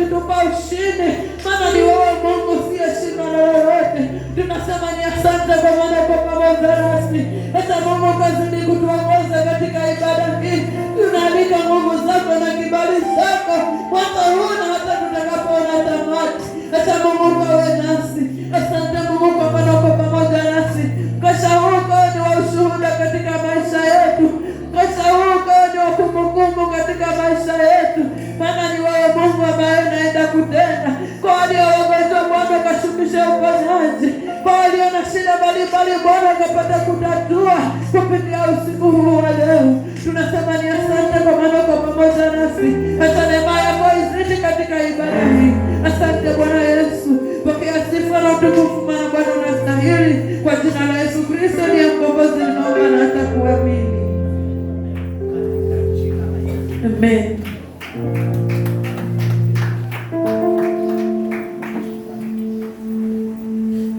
akitupa ushindi, maana ni wewe Mungu, siyeshindwa na lolote. Tunasema ni asante kwa maana uko pamoja nasi. Hata Mungu ukazidi kutuongoza katika ibada hii, tunaalika nguvu zako na kibali zako atapata kutatua kupitia usiku huu wa leo. Tunasema ni asante kwa maana kwa pamoja nasi, hata neema yako izidi katika ibada hii. Asante Bwana Yesu, pokea sifa na utukufu, maana Bwana unastahili. Kwa jina la Yesu Kristo ni mkombozi, naomba na hata kuamini. Amen.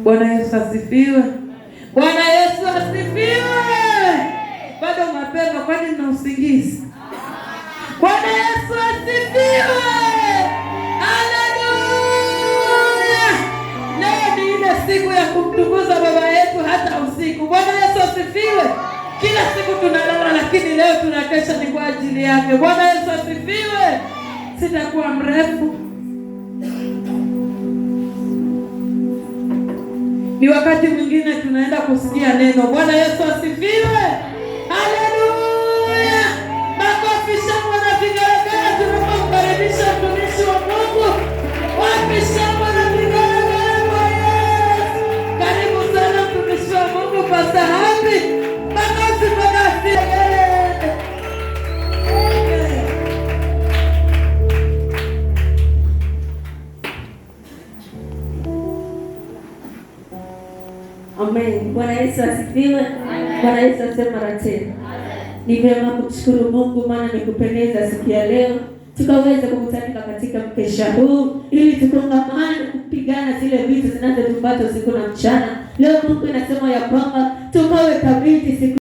Bwana Yesu asifiwe. Bwana usingizi. Bwana Yesu asifiwe. Haleluya! Leo ni ile siku ya kumtukuza baba yetu hata usiku. Bwana Yesu asifiwe. Kila siku tunalala, lakini leo tunakesha, ni kwa ajili yake. Bwana Yesu asifiwe. Sitakuwa mrefu. Ni wakati mwingine tunaenda kusikia neno. Bwana Yesu asifiwe. Amen. Bwana Yesu asifiwe. Bwana Yesu asema mara tena, ni vyema kumshukuru Mungu maana amekupendeza siku ya leo tukaweza kukutanika katika mkesha huu ili tukongamane kupigana zile vitu zinazotupata usiku na mchana. Leo Mungu inasema ya kwamba tukawe thabiti siku